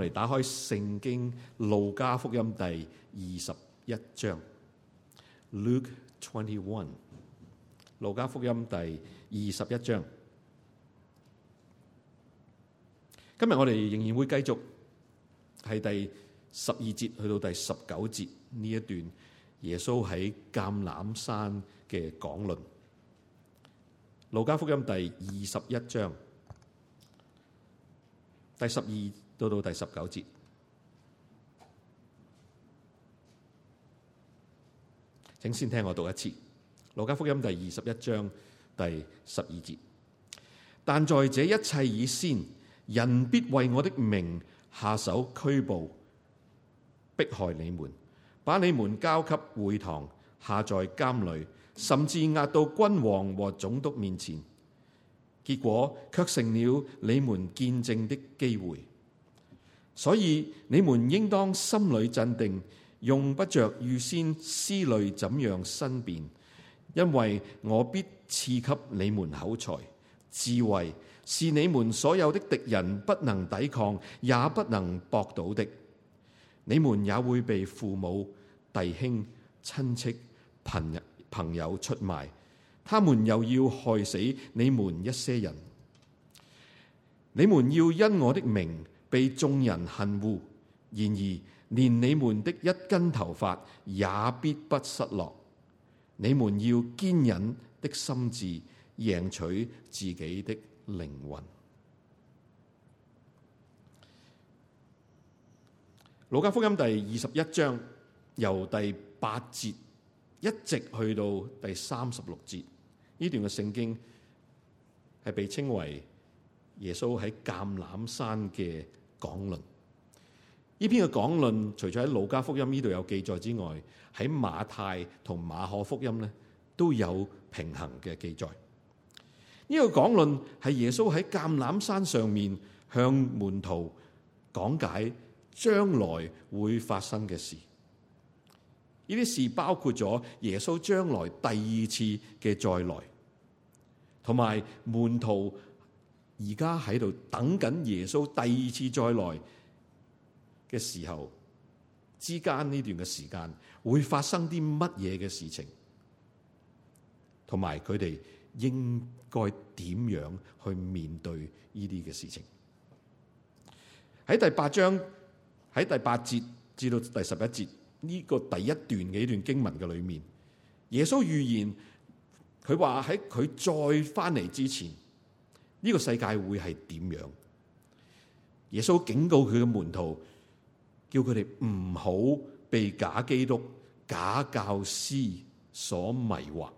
嚟打開《聖經路加福音》第二十一章，《Luke Twenty One》路加福音第二十一章。今日我哋仍然會繼續係第十二節去到第十九節呢一段耶穌喺橄欖山嘅講論，《路加福音》第二十一章第十二到到第十九節，請先聽我讀一次《路加福音》第二十一章第十二節。但在這一切以先，人必為我的名下手拘捕、迫害你們，把你們交給會堂，下在監裏，甚至押到君王和總督面前。結果卻成了你們見證的機會。所以你們應當心裏鎮定，用不着預先思慮怎樣申辯，因為我必賜給你們口才、智慧，是你們所有的敵人不能抵抗，也不能駁倒的。你們也會被父母、弟兄、親戚、朋朋友出賣，他們又要害死你們一些人。你們要因我的名。被眾人恨惡，然而連你們的一根頭髮也必不失落。你們要堅忍的心志，贏取自己的靈魂。《路加福音》第二十一章由第八節一直去到第三十六節，呢段嘅聖經係被稱為耶穌喺橄欖山嘅。講論呢篇嘅講論，講論除咗喺路加福音呢度有記載之外，喺馬太同馬可福音咧都有平衡嘅記載。呢、這個講論係耶穌喺橄欖山上面向門徒講解將來會發生嘅事。呢啲事包括咗耶穌將來第二次嘅再來，同埋門徒。而家喺度等緊耶穌第二次再來嘅時候，之間呢段嘅時間會發生啲乜嘢嘅事情，同埋佢哋應該點樣去面對呢啲嘅事情？喺第八章喺第八節至到第十一節呢、這個第一段嘅呢段經文嘅裏面，耶穌預言佢話喺佢再返嚟之前。呢、這個世界會係點樣？耶穌警告佢嘅門徒，叫佢哋唔好被假基督、假教師所迷惑。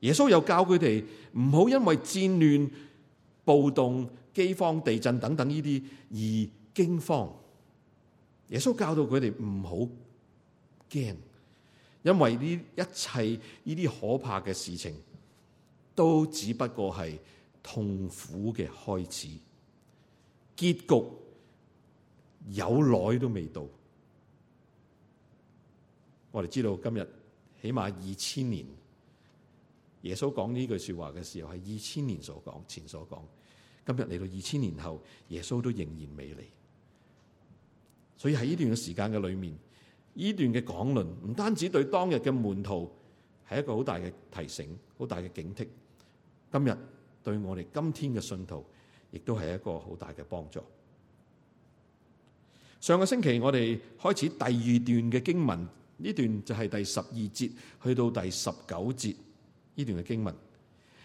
耶穌又教佢哋唔好因為戰亂、暴動、飢荒、地震等等呢啲而驚慌。耶穌教到佢哋唔好驚，因為呢一切、呢啲可怕嘅事情。都只不過係痛苦嘅開始，結局有耐都未到。我哋知道今日起碼二千年，耶穌講呢句說話嘅時候係二千年所講、前所講。今日嚟到二千年後，耶穌都仍然未嚟。所以喺呢段嘅時間嘅裏面，呢段嘅講論唔單止對當日嘅門徒係一個好大嘅提醒、好大嘅警惕。今日對我哋今天嘅信徒，亦都係一個好大嘅幫助。上個星期我哋開始第二段嘅經文，呢段就係第十二節去到第十九節呢段嘅經文。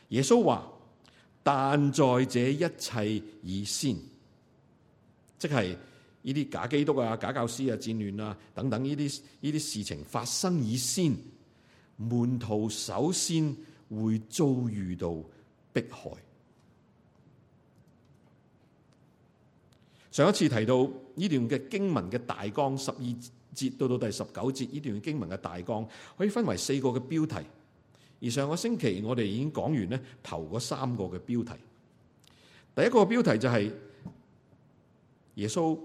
耶穌話：「但在這一切以先，即係呢啲假基督啊、假教師啊、戰亂啊等等呢啲呢啲事情發生以先，門徒首先會遭遇到迫害。上一次提到呢段嘅經文嘅大綱，十二節到到第十九節呢段經文嘅大,大綱可以分為四個嘅標題。而上個星期我哋已經講完咗頭嗰三個嘅標題。第一個標題就係耶穌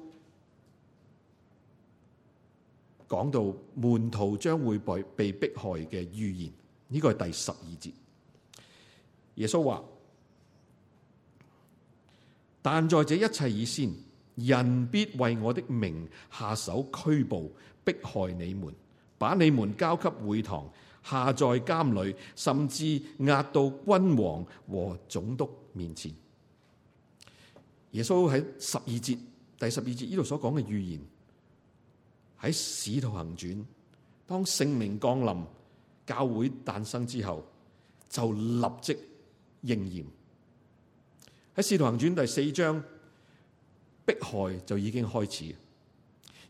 講到門徒將會被被迫害嘅預言，呢個係第十二節。耶穌話：但在這一切以先，人必為我的名下手拘捕、迫害你們，把你們交給會堂、下在監裏，甚至押到君王和總督面前。耶穌喺十二節、第十二節呢度所講嘅預言，喺使徒行傳，當聖靈降臨、教會誕生之後，就立即。仍然喺《使徒行傳》第四章，迫害就已經開始，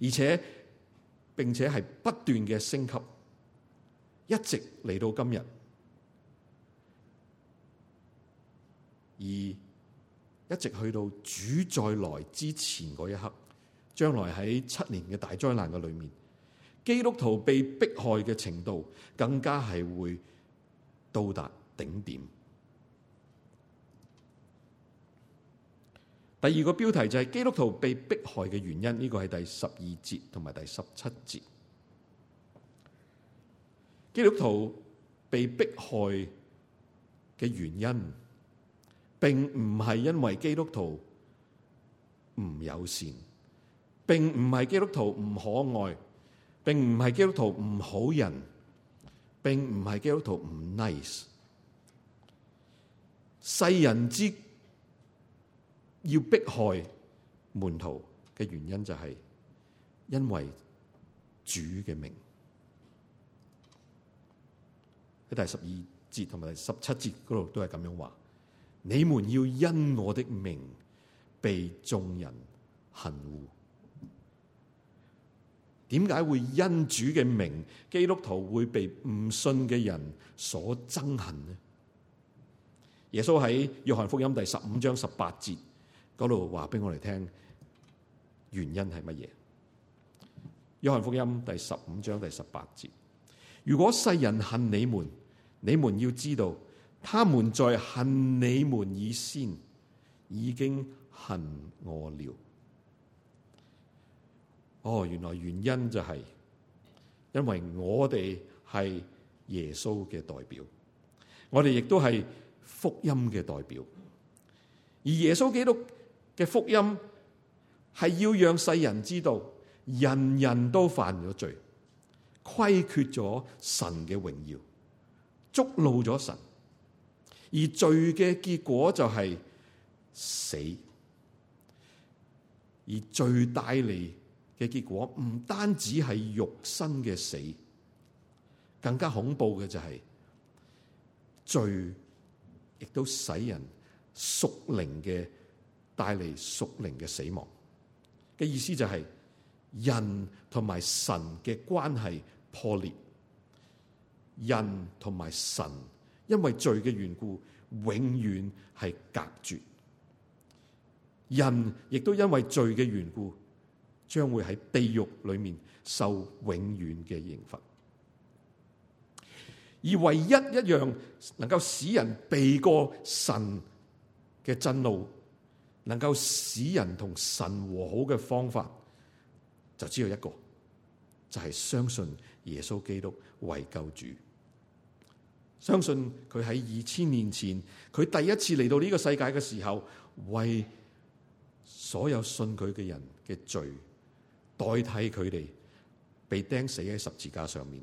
而且並且係不斷嘅升級，一直嚟到今日，而一直去到主再來之前嗰一刻，將來喺七年嘅大災難嘅裏面，基督徒被迫害嘅程度更加係會到達頂點。第二個標題就係基督徒被迫害嘅原因，呢、這個係第十二節同埋第十七節。基督徒被迫害嘅原因，並唔係因為基督徒唔友善，並唔係基督徒唔可愛，並唔係基督徒唔好人，並唔係基督徒唔 nice。世人之要迫害門徒嘅原因就係因為主嘅名喺第十二節同埋第十七節嗰度都係咁樣話：你們要因我的名被眾人恨惡。點解會因主嘅名基督徒會被唔信嘅人所憎恨呢？耶穌喺約翰福音第十五章十八節。嗰度話俾我哋聽原因係乜嘢？約翰福音第十五章第十八節，如果世人恨你們，你們要知道，他們在恨你們以先，已經恨我了。哦，原來原因就係因為我哋係耶穌嘅代表，我哋亦都係福音嘅代表，而耶穌基督嘅福音係要讓世人知道，人人都犯咗罪，虧缺咗神嘅榮耀，觸怒咗神。而罪嘅結果就係死，而罪帶嚟嘅結果唔單止係肉身嘅死，更加恐怖嘅就係、是、罪，亦都使人屬靈嘅。帶嚟屬靈嘅死亡嘅意思就係、是、人同埋神嘅關係破裂，人同埋神因為罪嘅緣故，永遠係隔絕。人亦都因為罪嘅緣故，將會喺地獄裏面受永遠嘅刑罰。而唯一一樣能夠使人避過神嘅震怒，能夠使人同神和好嘅方法，就只有一個，就係相信耶穌基督為救主。相信佢喺二千年前，佢第一次嚟到呢個世界嘅時候，為所有信佢嘅人嘅罪，代替佢哋被釘死喺十字架上面，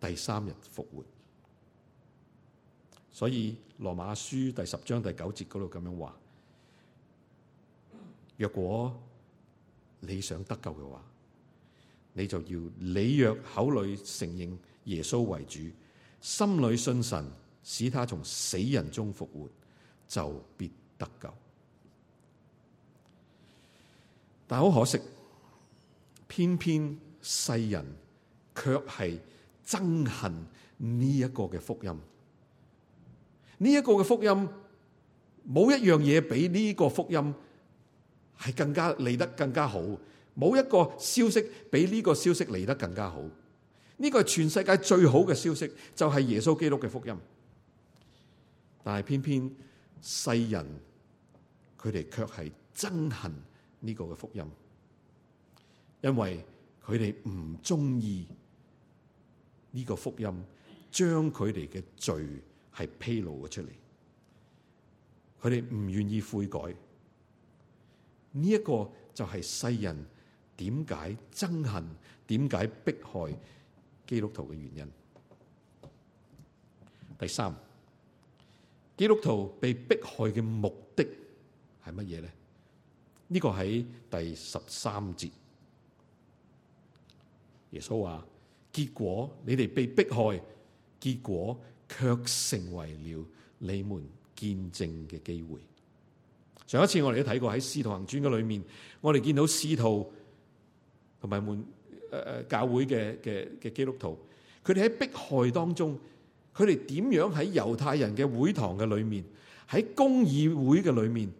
第三日復活。所以羅馬書第十章第九節嗰度咁樣話。若果你想得救嘅話，你就要理若口裏承認耶穌為主，心裏信神，使他從死人中復活，就必得救。但好可惜，偏偏世人卻係憎恨呢一個嘅福音。呢、這、一個嘅福音，冇一樣嘢畀呢個福音。係更加嚟得更加好，冇一個消息比呢個消息嚟得更加好。呢個係全世界最好嘅消息，就係耶穌基督嘅福音。但係偏偏世人，佢哋卻係憎恨呢個嘅福音，因為佢哋唔中意呢個福音，將佢哋嘅罪係披露咗出嚟。佢哋唔願意悔改。呢、這、一個就係世人點解憎恨、點解迫害基督徒嘅原因。第三，基督徒被迫害嘅目的係乜嘢咧？呢、這個喺第十三節，耶穌話：結果你哋被迫害，結果卻成為了你們見證嘅機會。上一次我哋都睇過喺《使徒行傳》嘅裏面，我哋見到使徒同埋門誒誒教會嘅嘅嘅基督徒，佢哋喺迫害當中，佢哋點樣喺猶太人嘅會堂嘅裏面，喺公議會嘅裏面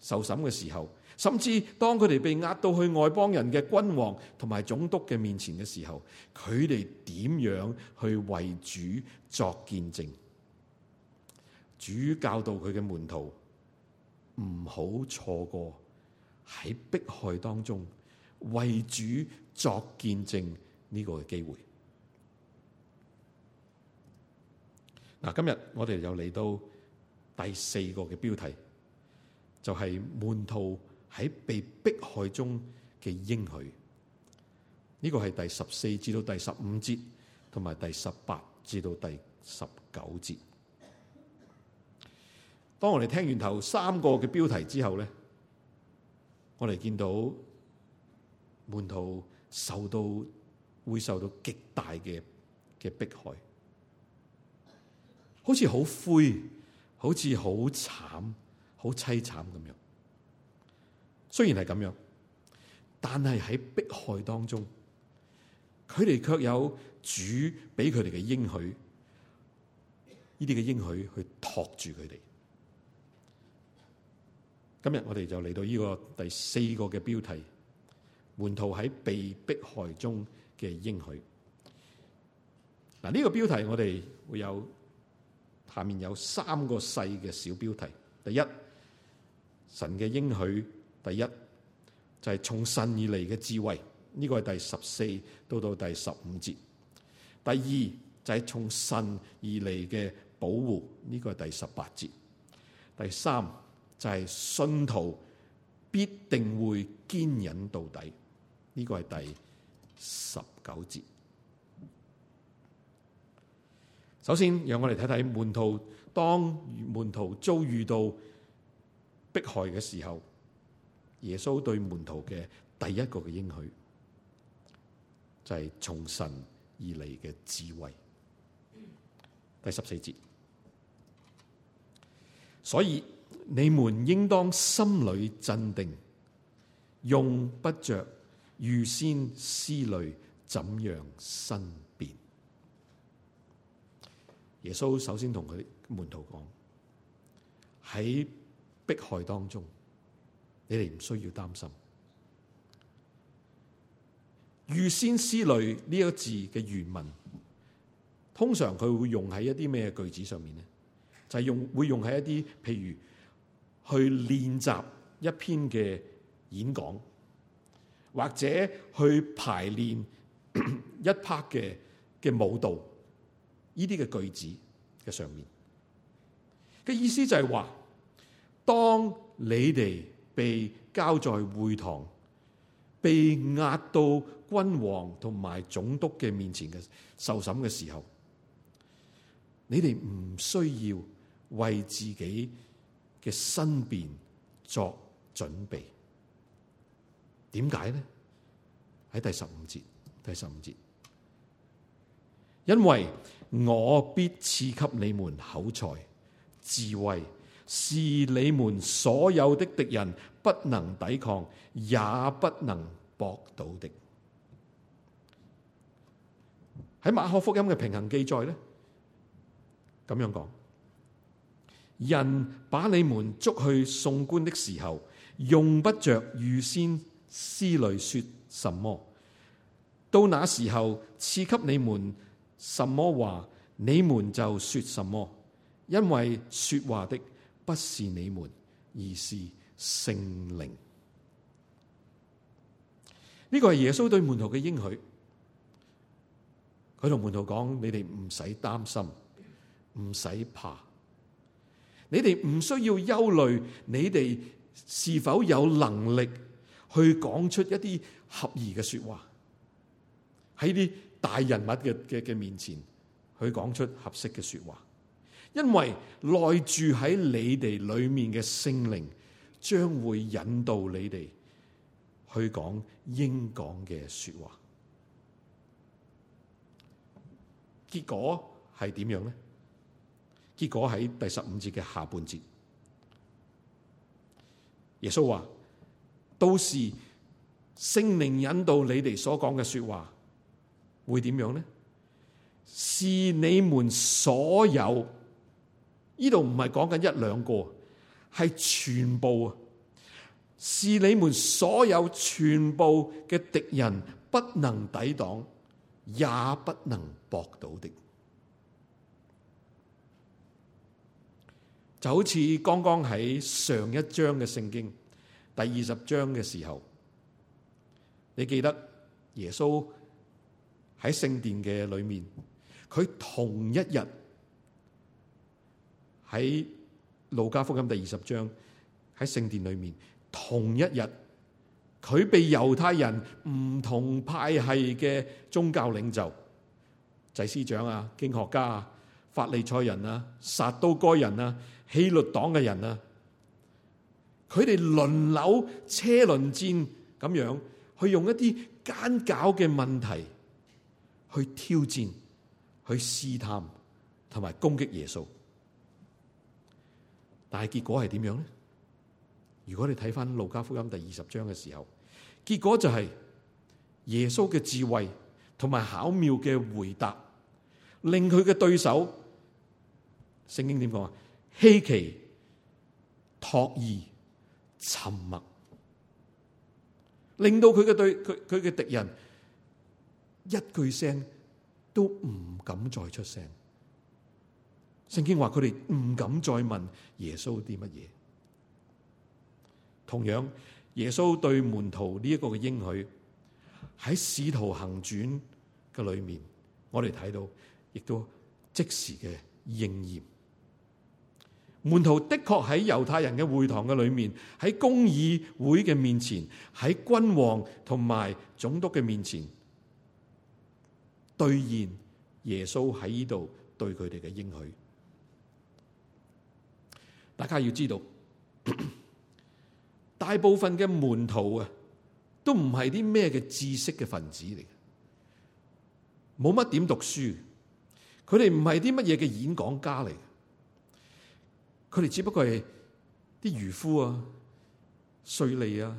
受審嘅時候，甚至當佢哋被押到去外邦人嘅君王同埋總督嘅面前嘅時候，佢哋點樣去為主作見證？主教導佢嘅門徒。唔好錯過喺迫害當中為主作見證呢個嘅機會。嗱，今日我哋又嚟到第四個嘅標題，就係門徒喺被迫害中嘅應許。呢個係第十四至到第十五節，同埋第十八至到第十九節。當我哋聽完頭三個嘅標題之後咧，我哋見到門徒受到會受到極大嘅嘅迫害，好似好灰，好似好慘，好淒慘咁樣。雖然係咁樣，但係喺迫害當中，佢哋卻有主俾佢哋嘅應許，呢啲嘅應許去托住佢哋。今日我哋就嚟到呢個第四個嘅標題：門徒喺被迫害中嘅應許。嗱，呢個標題我哋會有下面有三個細嘅小標題。第一，神嘅應許；第一就係、是、從神而嚟嘅智慧，呢、這個係第十四到到第十五節。第二就係、是、從神而嚟嘅保護，呢、這個係第十八節。第三。就係、是、信徒必定會堅忍到底，呢、這個係第十九節。首先，讓我哋睇睇門徒當門徒遭遇到迫害嘅時候，耶穌對門徒嘅第一個嘅應許就係、是、從神而嚟嘅智慧，第十四節。所以。你們應當心裏鎮定，用不着預先思慮怎樣申辯。耶穌首先同佢門徒講：喺迫害當中，你哋唔需要擔心。預先思慮呢一個字嘅原文，通常佢會用喺一啲咩句子上面呢？就係用會用喺一啲譬如。去練習一篇嘅演講，或者去排練一 part 嘅嘅舞蹈，呢啲嘅句子嘅上面嘅意思就係話，當你哋被交在會堂，被押到君王同埋總督嘅面前嘅受審嘅時候，你哋唔需要為自己。嘅身辯作準備，點解呢？喺第十五節，第十五節，因為我必賜給你們口才、智慧，是你們所有的敵人不能抵抗，也不能駁倒的。喺馬可福音嘅平行記載呢，咁樣講。人把你們捉去送官的時候，用不着預先思慮說什麼。到那時候，賜給你們什麼話，你們就說什麼。因為說話的不是你們，而是聖靈。呢、這個係耶穌對門徒嘅應許。佢同門徒講：你哋唔使擔心，唔使怕。你哋唔需要憂慮，你哋是否有能力去講出一啲合宜嘅說話，喺啲大人物嘅嘅嘅面前去講出合適嘅說話，因為內住喺你哋裏面嘅聖靈將會引導你哋去講應講嘅說話。結果係點樣咧？結果喺第十五節嘅下半節，耶穌話：，到時聖靈引導你哋所講嘅說話，會點樣呢？是你們所有呢度唔係講緊一兩個，係全部啊！是你們所有全部嘅敵人，不能抵擋，也不能駁倒的。就好似剛剛喺上一章嘅聖經第二十章嘅時候，你記得耶穌喺聖殿嘅裏面，佢同一日喺路加福音第二十章喺聖殿裏面同一日，佢被猶太人唔同派系嘅宗教領袖、祭司長啊、經學家啊、法利賽人啊、撒都該人啊。希律黨嘅人啊，佢哋輪流車輪戰咁樣，去用一啲奸狡嘅問題去挑戰、去試探同埋攻擊耶穌。但係結果係點樣咧？如果你睇翻路加福音第二十章嘅時候，結果就係耶穌嘅智慧同埋巧妙嘅回答，令佢嘅對手聖經點講啊？稀奇、詫異、沉默，令到佢嘅對佢佢嘅敵人一句聲都唔敢再出聲。聖經話佢哋唔敢再問耶穌啲乜嘢。同樣，耶穌對門徒呢一個嘅應許喺使徒行傳嘅裏面，我哋睇到亦都即時嘅應驗。門徒的確喺猶太人嘅會堂嘅裏面，喺公議會嘅面前，喺君王同埋總督嘅面前兌現耶穌喺呢度對佢哋嘅應許。大家要知道，大部分嘅門徒啊，都唔係啲咩嘅知識嘅分子嚟嘅，冇乜點讀書，佢哋唔係啲乜嘢嘅演講家嚟。佢哋只不過係啲漁夫啊、稅吏啊、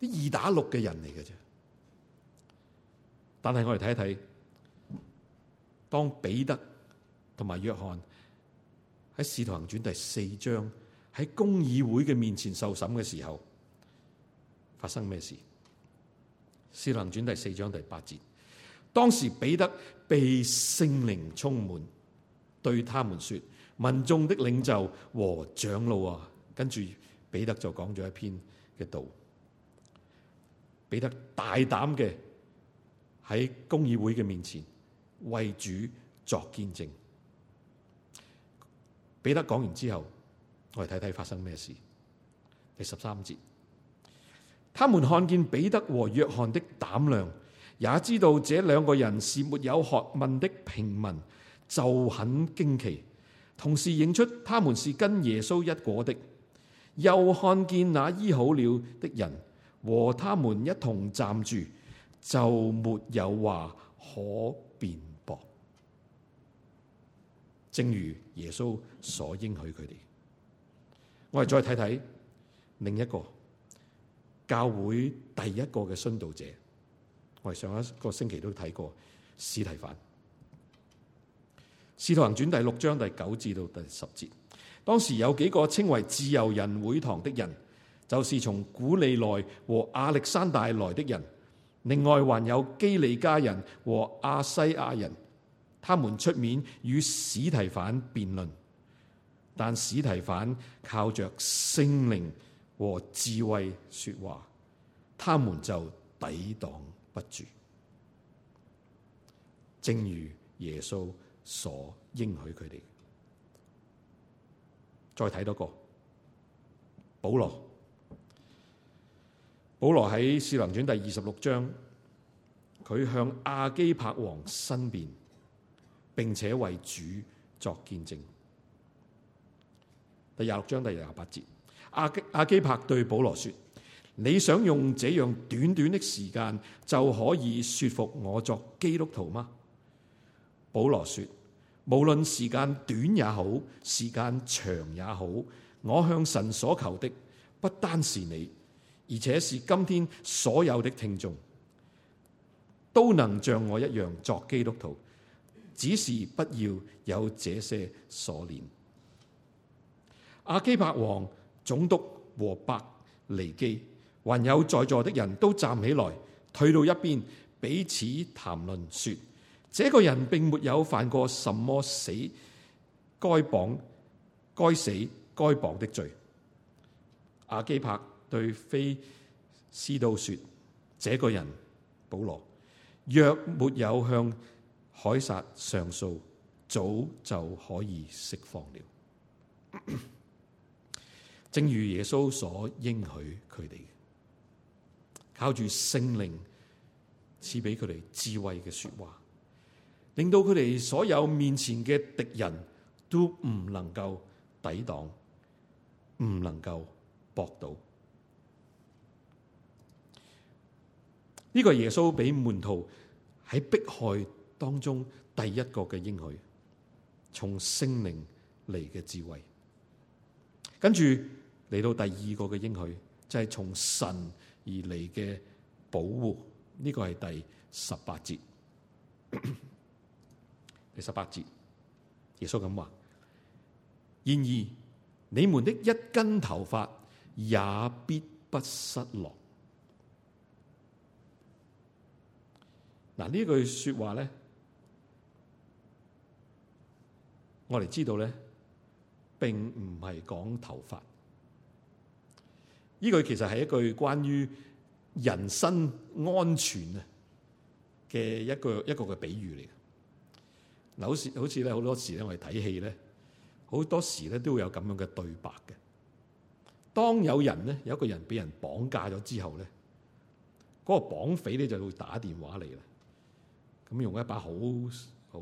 啲二打六嘅人嚟嘅啫。但係我哋睇一睇，當彼得同埋約翰喺《使徒行傳》第四章喺公議會嘅面前受審嘅時候，發生咩事？《使徒行傳》第四章第八節，當時彼得被聖靈充滿，對他們說。民眾的領袖和長老啊，跟住彼得就講咗一篇嘅道。彼得大膽嘅喺公議會嘅面前為主作見證。彼得講完之後，我哋睇睇發生咩事。第十三節，他們看見彼得和約翰的膽量，也知道這兩個人是沒有學問的平民，就很驚奇。同時認出他們是跟耶穌一伙的，又看見那醫好了的人和他們一同站住，就沒有話可辯駁。正如耶穌所應許佢哋。我哋再睇睇另一個教會第一個嘅殉道者，我哋上一個星期都睇過司提反。使徒行傳第六章第九至到第十節，當時有幾個稱為自由人會堂的人，就是從古利奈和亞歷山大來的人，另外還有基利家人和亞西亞人，他們出面與史提反辯論，但史提反靠着聖靈和智慧說話，他們就抵擋不住，正如耶穌。所應許佢哋，再睇多個保羅。保羅喺士林傳第二十六章，佢向阿基柏王申辯，並且為主作見證。第廿六章第廿八節，阿基阿基柏對保羅說：你想用這樣短短的時間就可以說服我作基督徒嗎？保羅說。無論時間短也好，時間長也好，我向神所求的不單是你，而且是今天所有的聽眾都能像我一樣作基督徒，只是不要有這些鎖鏈。阿基伯王、總督和伯利基，還有在座的人都站起來，退到一邊，彼此談論說。這個人並沒有犯過什麼死該綁、該死、該綁的罪。阿基帕對非斯都說：這個人保羅若沒有向凱撒上訴，早就可以釋放了。正如耶穌所應許佢哋，靠住聖靈賜俾佢哋智慧嘅說話。令到佢哋所有面前嘅敵人都唔能夠抵擋，唔能夠搏到。呢個耶穌俾門徒喺迫害當中第一個嘅應許，從聖靈嚟嘅智慧。跟住嚟到第二個嘅應許，就係從神而嚟嘅保護。呢個係第十八節。十八節，耶穌咁話：然而你們的一根頭髮也必不失落。嗱，這句呢句說話咧，我哋知道咧，並唔係講頭髮。呢句其實係一句關於人身安全嘅一個一個嘅比喻嚟。嗱，好似好似咧，好多時咧，我哋睇戲咧，好多時咧都會有咁樣嘅對白嘅。當有人咧，有一個人俾人綁架咗之後咧，嗰個綁匪咧就會打電話嚟啦。咁用一把好好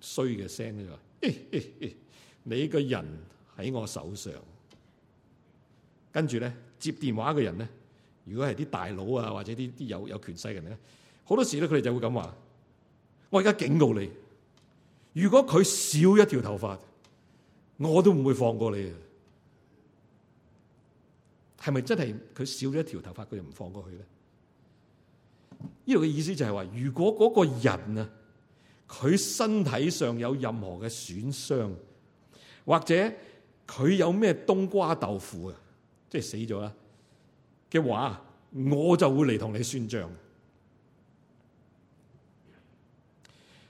衰嘅聲咧就話：「你個人喺我手上。跟住咧，接電話嘅人咧，如果係啲大佬啊，或者啲啲有有權勢嘅人咧，好多時咧佢哋就會咁話：「我而家警告你。如果佢少一條頭髮，我都唔會放過你啊！係咪真係佢少咗一條頭髮，佢就唔放過佢咧？呢度嘅意思就係話，如果嗰個人啊，佢身體上有任何嘅損傷，或者佢有咩冬瓜豆腐啊，即係死咗啦嘅話，我就會嚟同你算賬。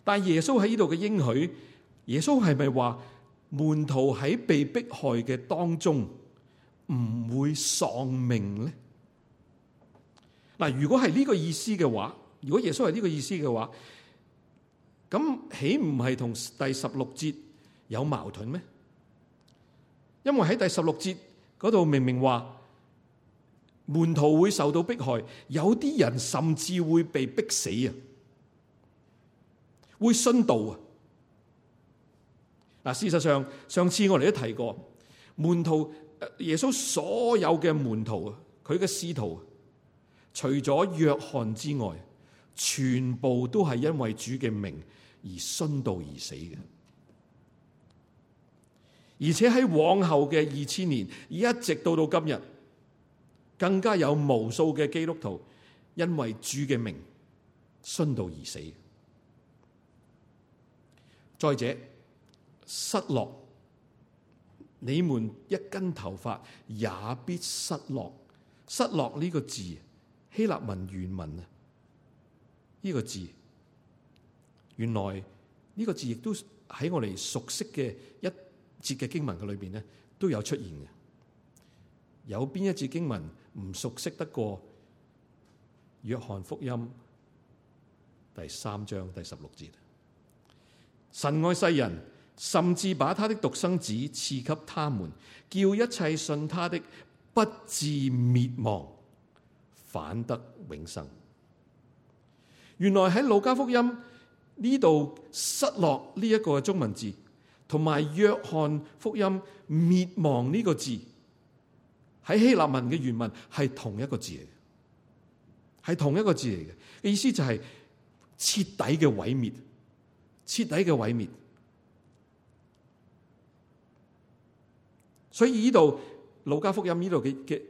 但耶穌喺呢度嘅應許，耶穌係咪話門徒喺被迫害嘅當中唔會喪命咧？嗱，如果係呢個意思嘅話，如果耶穌係呢個意思嘅話，咁豈唔係同第十六節有矛盾咩？因為喺第十六節嗰度，明明話門徒會受到迫害，有啲人甚至會被逼死啊！會殉道啊！嗱，事實上上次我哋都提過，門徒，耶穌所有嘅門徒啊，佢嘅師徒，除咗約翰之外，全部都係因為主嘅名而殉道而死嘅。而且喺往後嘅二千年，一直到到今日，更加有無數嘅基督徒因為主嘅名殉道而死。再者，失落，你們一根頭髮也必失落。失落呢個字，希臘文原文啊，呢個字，原來呢個字亦都喺我哋熟悉嘅一節嘅經文嘅裏邊咧，都有出現嘅。有邊一節經文唔熟悉得過？約翰福音第三章第十六節。神愛世人，甚至把他的獨生子賜給他們，叫一切信他的不至滅亡，反得永生。原來喺《路加福音》呢度失落呢一個中文字，同埋《約翰福音》滅亡呢個字，喺希臘文嘅原文係同一個字嚟嘅，係同一個字嚟嘅。意思就係徹底嘅毀滅。徹底嘅毀滅，所以呢度《路加福音》呢度嘅嘅，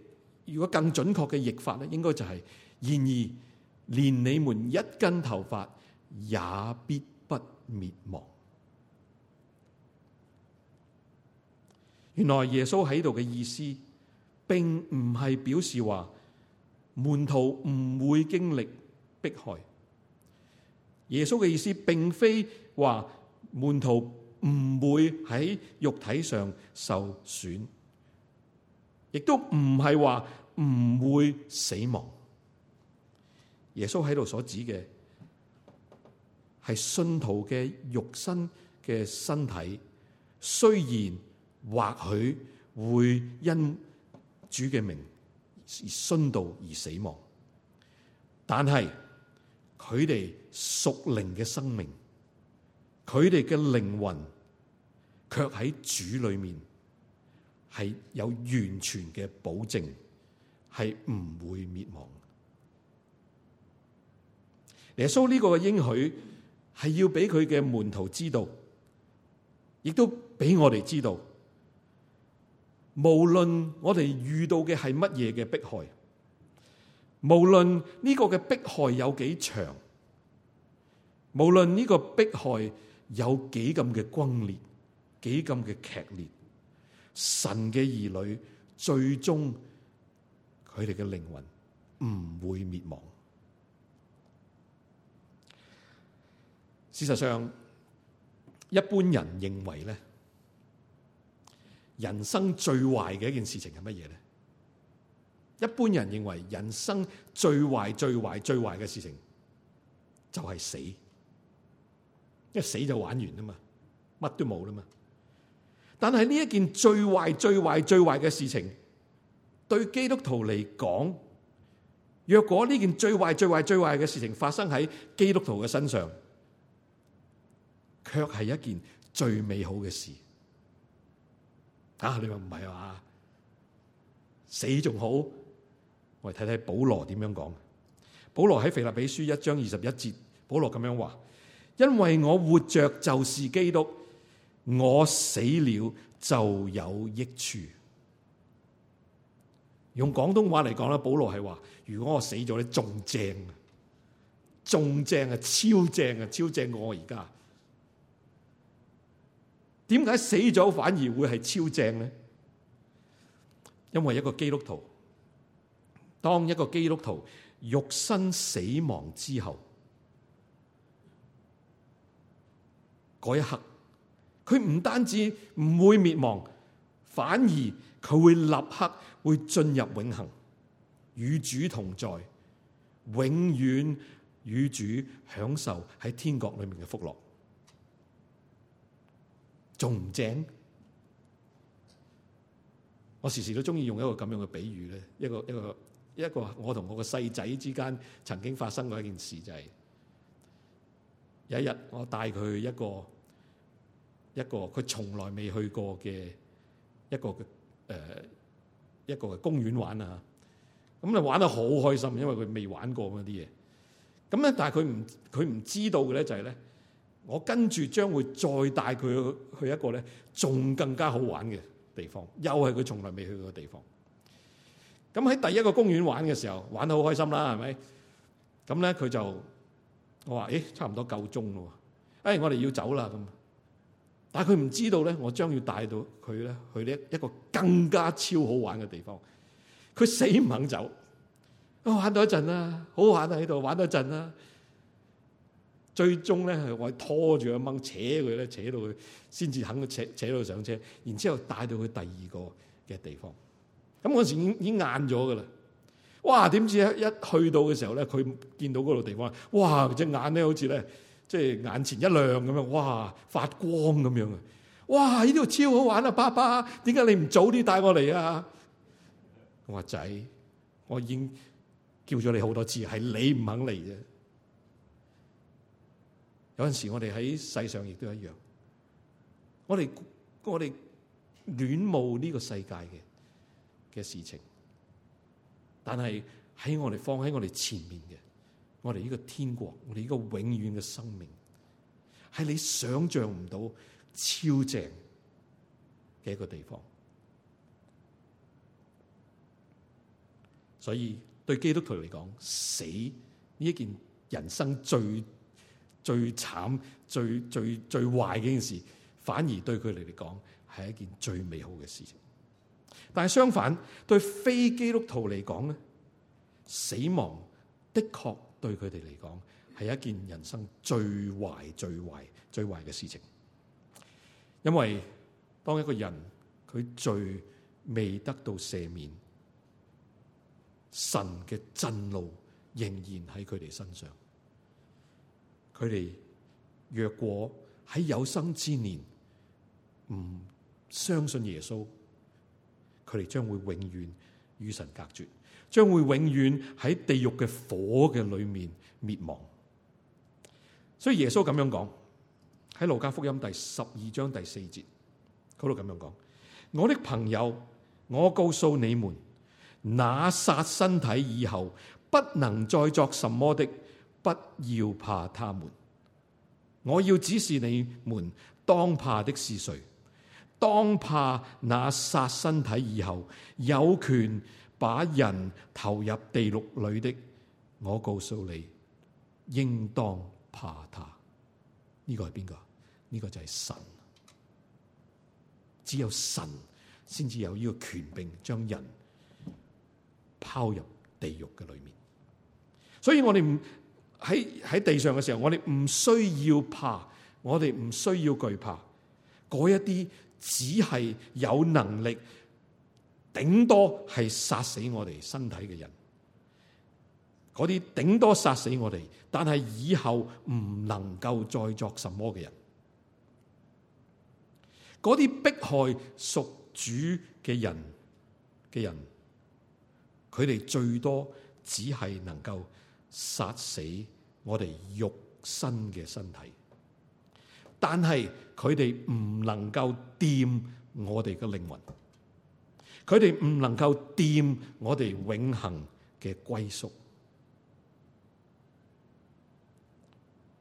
如果更準確嘅譯法咧，應該就係，然而連你們一根頭髮也必不滅亡。原來耶穌喺度嘅意思，並唔係表示話門徒唔會經歷迫害。耶穌嘅意思，並非。話門徒唔會喺肉體上受損，亦都唔係話唔會死亡。耶穌喺度所指嘅係信徒嘅肉身嘅身體，雖然或許會因主嘅名而殉道而死亡，但係佢哋屬靈嘅生命。佢哋嘅靈魂，卻喺主裏面係有完全嘅保證，係唔會滅亡。耶穌呢個嘅應許係要俾佢嘅門徒知道，亦都俾我哋知道，無論我哋遇到嘅係乜嘢嘅迫害，無論呢個嘅迫害有幾長，無論呢個迫害，有幾咁嘅轟烈，幾咁嘅劇烈，神嘅兒女最終佢哋嘅靈魂唔會滅亡。事實上，一般人認為咧，人生最壞嘅一件事情係乜嘢咧？一般人認為人生最壞、最壞、最壞嘅事情就係、是、死。一死就玩完啦嘛，乜都冇啦嘛。但係呢一件最壞、最壞、最壞嘅事情，對基督徒嚟講，若果呢件最壞、最壞、最壞嘅事情發生喺基督徒嘅身上，卻係一件最美好嘅事。啊，你話唔係啊嘛，死仲好？我哋睇睇保羅點樣講。保羅喺腓立比書一章二十一節，保羅咁樣話。因為我活着就是基督，我死了就有益處。用廣東話嚟講咧，保羅係話：如果我死咗咧，仲正啊，仲正啊，超正啊，超正我而家。點解死咗反而會係超正咧？因為一個基督徒，當一個基督徒肉身死亡之後。嗰一刻，佢唔單止唔會滅亡，反而佢會立刻會進入永恒，與主同在，永遠與主享受喺天國裏面嘅福樂，仲唔正？我時時都鍾意用一個咁樣嘅比喻咧，一個一個一個我同我個細仔之間曾經發生過一件事就係、是。有一日，我帶佢去一個一個佢從來未去過嘅一個誒、呃、一個公園玩啊！咁就玩得好開心，因為佢未玩過咁啲嘢。咁咧，但係佢唔佢唔知道嘅咧就係、是、咧，我跟住將會再帶佢去去一個咧仲更加好玩嘅地方，又係佢從來未去過嘅地方。咁喺第一個公園玩嘅時候，玩得好開心啦，係咪？咁咧，佢就。我話：誒、欸，差唔多夠鐘咯，誒、哎，我哋要走啦。咁，但係佢唔知道咧，我將要帶到佢咧，去一一個更加超好玩嘅地方。佢死唔肯走，啊，玩到一陣啦，好好玩喺度，玩到一陣啦。最終咧，係我拖住佢掹，扯佢咧，扯到佢先至肯扯扯到上車，然之後帶到去第二個嘅地方。咁嗰陣時已經已經晏咗噶啦。哇！點知一去到嘅時候咧，佢見到嗰度地方，哇！隻眼咧好似咧，即係眼前一亮咁樣，哇！發光咁樣啊！哇！呢度超好玩啊！爸爸，點解你唔早啲帶我嚟啊？我話仔，我已經叫咗你好多次，係你唔肯嚟啫。有陣時我哋喺世上亦都一樣，我哋我哋戀慕呢個世界嘅嘅事情。但係喺我哋放喺我哋前面嘅，我哋呢個天國，我哋呢個永遠嘅生命，係你想象唔到超正嘅一個地方。所以對基督徒嚟講，死呢一件人生最最慘、最最最壞嘅一件事，反而對佢哋嚟講係一件最美好嘅事情。但係相反，對非基督徒嚟講咧，死亡的確對佢哋嚟講係一件人生最壞、最壞、最壞嘅事情。因為當一個人佢罪未得到赦免，神嘅震怒，仍然喺佢哋身上。佢哋若果喺有生之年唔相信耶穌。佢哋將會永遠與神隔絕，將會永遠喺地獄嘅火嘅裏面滅亡。所以耶穌咁樣講喺路加福音第十二章第四節，佢都咁樣講：我的朋友，我告訴你們，那殺身體以後不能再作什麼的，不要怕他們。我要指示你們，當怕的是誰？當怕那殺身體以後有權把人投入地獄裏的，我告訴你，應當怕他。呢、這個係邊個？呢、這個就係神。只有神先至有呢個權柄，將人拋入地獄嘅裏面。所以我哋喺喺地上嘅時候，我哋唔需要怕，我哋唔需要懼怕嗰一啲。只係有能力，頂多係殺死我哋身體嘅人；嗰啲頂多殺死我哋，但係以後唔能夠再作什麼嘅人；嗰啲迫害屬主嘅人嘅人，佢哋最多只係能夠殺死我哋肉身嘅身體。但係佢哋唔能夠掂我哋嘅靈魂，佢哋唔能夠掂我哋永恒嘅歸宿。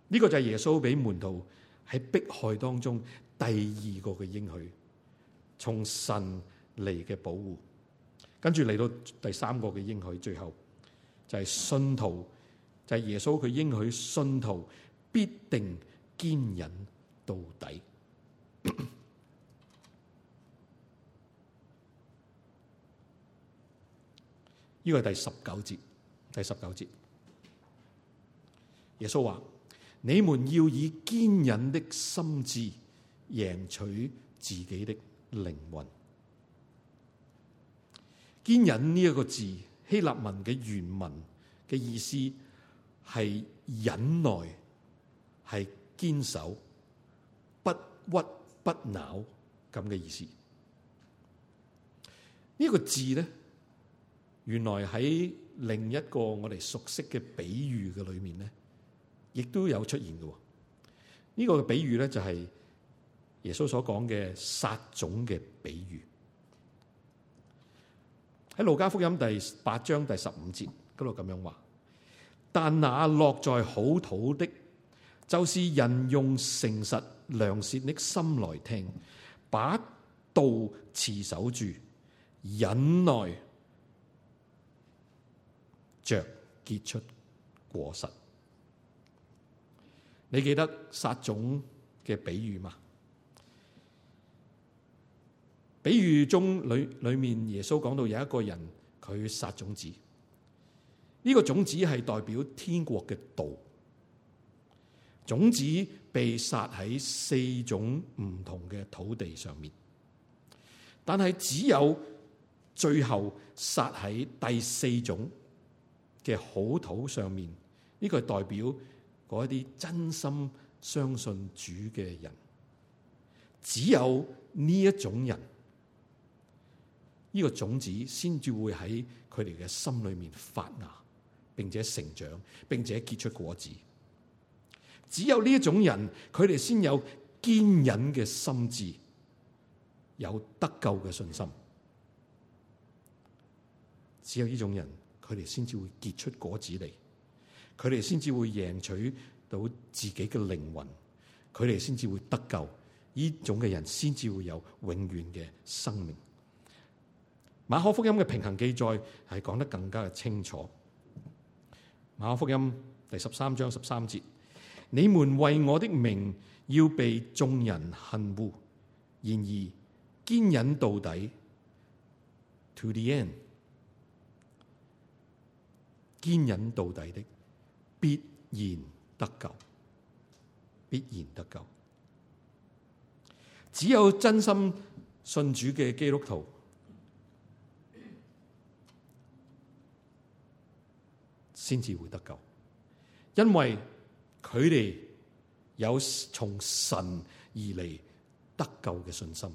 呢個就係耶穌俾門徒喺迫害當中第二個嘅應許，從神嚟嘅保護，跟住嚟到第三個嘅應許，最後就係信徒，就係耶穌佢應許信徒必定堅忍。到底？呢、 這個係第十九節，第十九節，耶穌話：你們要以堅忍的心智贏取自己的靈魂。堅忍呢一個字，希臘文嘅原文嘅意思係忍耐，係堅守。屈不撓咁嘅意思，呢個字咧，原來喺另一個我哋熟悉嘅比喻嘅裏面咧，亦都有出現嘅。呢個比喻咧就係耶穌所講嘅撒種嘅比喻，喺路加福音第八章第十五節嗰度咁樣話：，但那落在好土的。就是人用誠實良善的心來聽，把道持守住，忍耐着結出果實。你記得撒種嘅比喻嗎？比喻中裏裏面耶穌講到有一個人，佢撒種子，呢、這個種子係代表天國嘅道。種子被撒喺四種唔同嘅土地上面，但係只有最後撒喺第四種嘅好土上面，呢、這個係代表嗰一啲真心相信主嘅人，只有呢一種人，呢、這個種子先至會喺佢哋嘅心裏面發芽，並且成長，並且結出果子。只有呢一種人，佢哋先有堅忍嘅心智，有得救嘅信心。只有呢種人，佢哋先至會結出果子嚟，佢哋先至會贏取到自己嘅靈魂，佢哋先至會得救。呢種嘅人先至會有永遠嘅生命。馬可福音嘅平衡記載係講得更加嘅清楚。馬可福音第十三章十三節。你們為我的名要被眾人恨惡，然而堅忍到底，to the end，堅忍到底的必然得救，必然得救。只有真心信主嘅基督徒，先至會得救，因為，佢哋有從神而嚟得救嘅信心，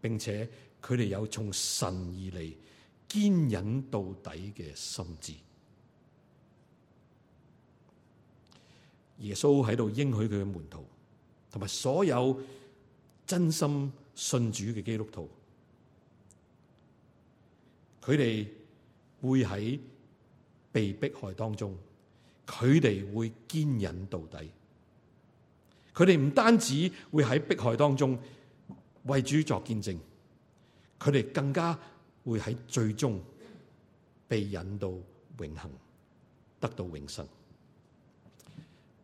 並且佢哋有從神而嚟堅忍到底嘅心志。耶穌喺度應許佢嘅門徒，同埋所有真心信主嘅基督徒，佢哋會喺被迫害當中。佢哋會堅忍到底，佢哋唔單止會喺迫害當中為主作見證，佢哋更加會喺最終被引到永恆，得到永生。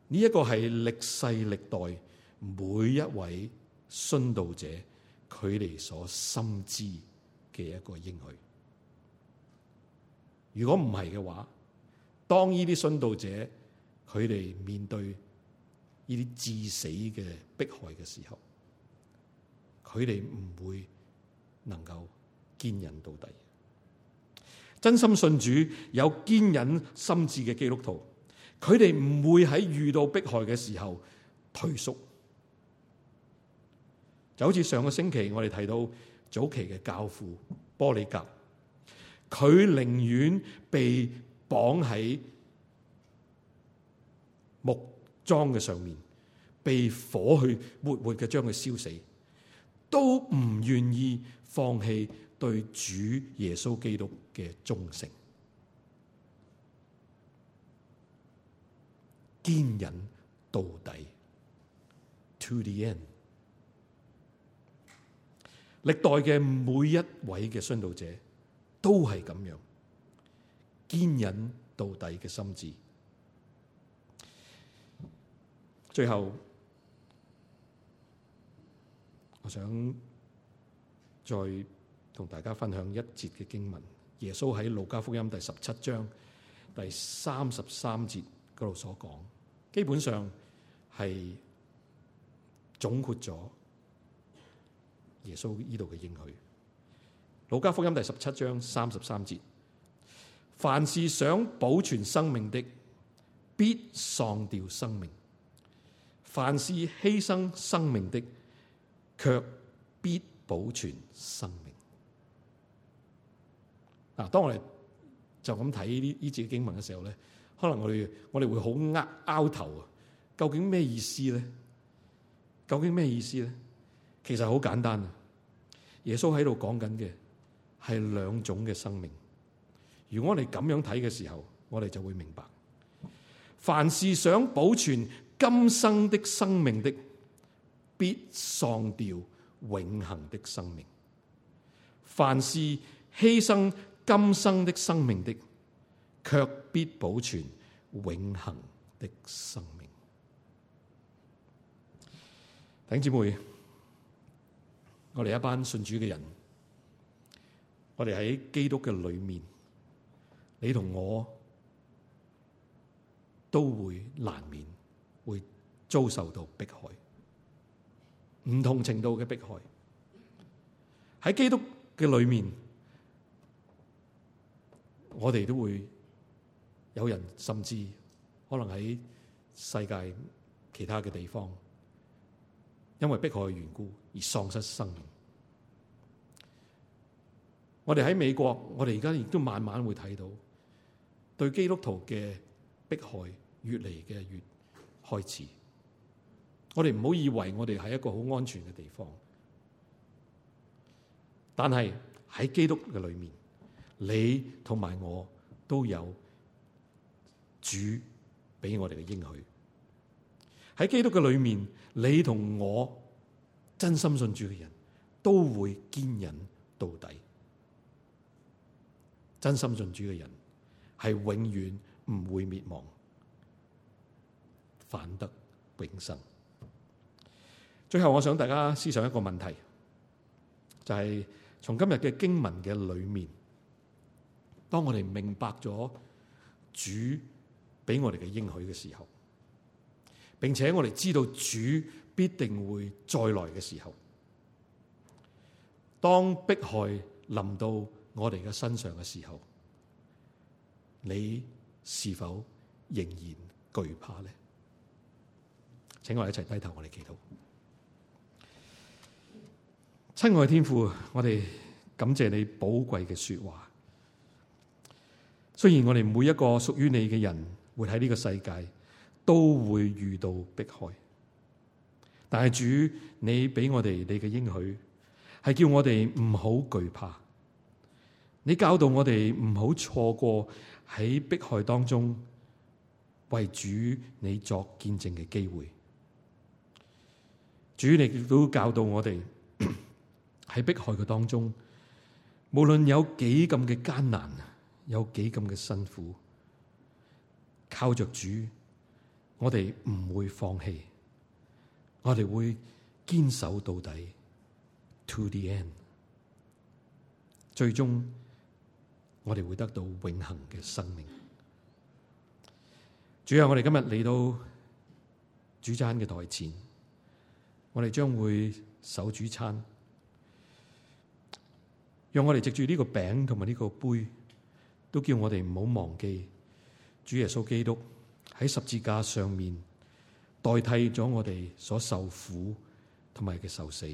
呢、這、一個係歷世歷代每一位殉道者佢哋所深知嘅一個應許。如果唔係嘅話，當呢啲殉道者，佢哋面對呢啲致死嘅迫害嘅時候，佢哋唔會能夠堅忍到底。真心信主、有堅忍心志嘅基督徒，佢哋唔會喺遇到迫害嘅時候退縮。就好似上個星期我哋提到早期嘅教父波里格，佢寧願被綁喺木樁嘅上面，被火去活活嘅將佢燒死，都唔願意放棄對主耶穌基督嘅忠誠，堅忍到底，to the end。歷代嘅每一位嘅殉道者都係咁樣。堅忍到底嘅心智。最後，我想再同大家分享一節嘅經文，耶穌喺《路加福音》第十七章第三十三節嗰度所講，基本上係總括咗耶穌呢度嘅應許。《路加福音》第十七章三十三節。凡是想保存生命的，必喪掉生命；凡是犧牲生命的，卻必保存生命。嗱，當我哋就咁睇呢呢節經文嘅時候咧，可能我哋我哋會好呃拗頭啊！究竟咩意思咧？究竟咩意思咧？其實好簡單啊！耶穌喺度講緊嘅係兩種嘅生命。如果我哋咁樣睇嘅時候，我哋就會明白：凡是想保存今生的生命的，必喪掉永恆的生命；凡是犧牲今生的生命的，卻必保存永恆的生命。弟兄姊妹，我哋一班信主嘅人，我哋喺基督嘅裏面。你同我都會難免會遭受到迫害，唔同程度嘅迫害。喺基督嘅裏面，我哋都會有人，甚至可能喺世界其他嘅地方，因為迫害嘅緣故而喪失生命。我哋喺美國，我哋而家亦都慢慢會睇到。對基督徒嘅迫害越嚟嘅越開始，我哋唔好以為我哋係一個好安全嘅地方，但係喺基督嘅裏面，你同埋我都有主俾我哋嘅應許。喺基督嘅裏面，你同我真心信主嘅人都會堅忍到底。真心信主嘅人。係永遠唔會滅亡，反得永生。最後，我想大家思想一個問題，就係從今日嘅經文嘅裏面，當我哋明白咗主俾我哋嘅應許嘅時候，並且我哋知道主必定會再來嘅時候，當迫害臨到我哋嘅身上嘅時候。你是否仍然懼怕呢？請我哋一齊低頭，我哋祈禱。親愛的天父，我哋感謝你寶貴嘅說話。雖然我哋每一個屬於你嘅人，活喺呢個世界都會遇到迫害，但係主，你俾我哋你嘅應許，係叫我哋唔好懼怕。你教導我哋唔好錯過喺迫害當中為主你作見證嘅機會。主你亦都教導我哋喺迫害嘅當中，無論有幾咁嘅艱難，有幾咁嘅辛苦，靠着主，我哋唔會放棄，我哋會堅守到底，to the end，最終。我哋會得到永恒嘅生命。主要我哋今日嚟到主餐嘅台前，我哋將會守主餐，讓我哋藉住呢個餅同埋呢個杯，都叫我哋唔好忘記主耶穌基督喺十字架上面代替咗我哋所受苦同埋嘅受死，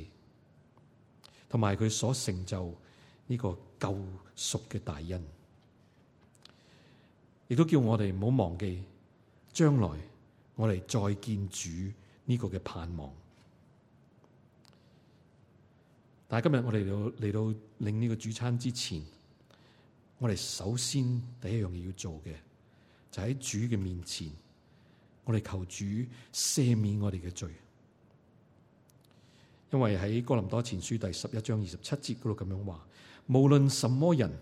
同埋佢所成就呢個，救贖嘅大恩，亦都叫我哋唔好忘記將來我哋再見主呢個嘅盼望。但係今日我哋嚟到，嚟到領呢個主餐之前，我哋首先第一樣嘢，要做嘅就喺主嘅面前，我哋求主赦免我哋嘅罪，因為喺哥林多前書第十一章二十七節嗰度咁樣話。無論什麼人，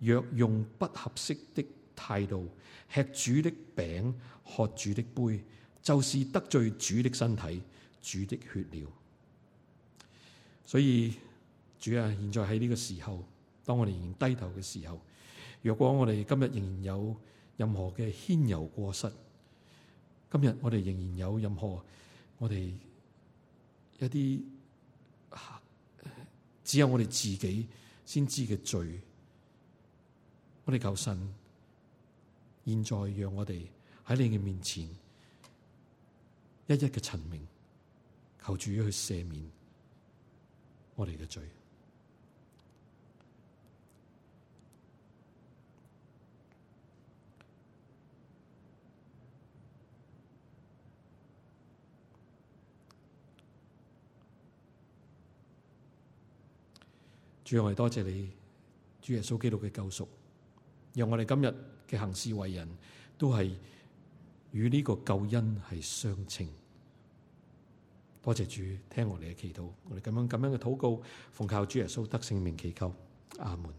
若用不合適的態度吃主的餅、喝主的杯，就是得罪主的身體、主的血了。所以主啊，現在喺呢個時候，當我哋仍然低頭嘅時候，若果我哋今日仍然有任何嘅牽柔過失，今日我哋仍然有任何我哋一啲，只有我哋自己。先知嘅罪，我哋求神，現在讓我哋喺你嘅面前，一一嘅陳明，求主去赦免我哋嘅罪。主，我哋多謝你，主耶穌基督嘅救贖，讓我哋今日嘅行事為人，都係與呢個救恩係相稱。多謝主，聽我哋嘅祈禱，我哋咁樣咁樣嘅禱告，奉靠主耶穌得聖名祈求，阿門。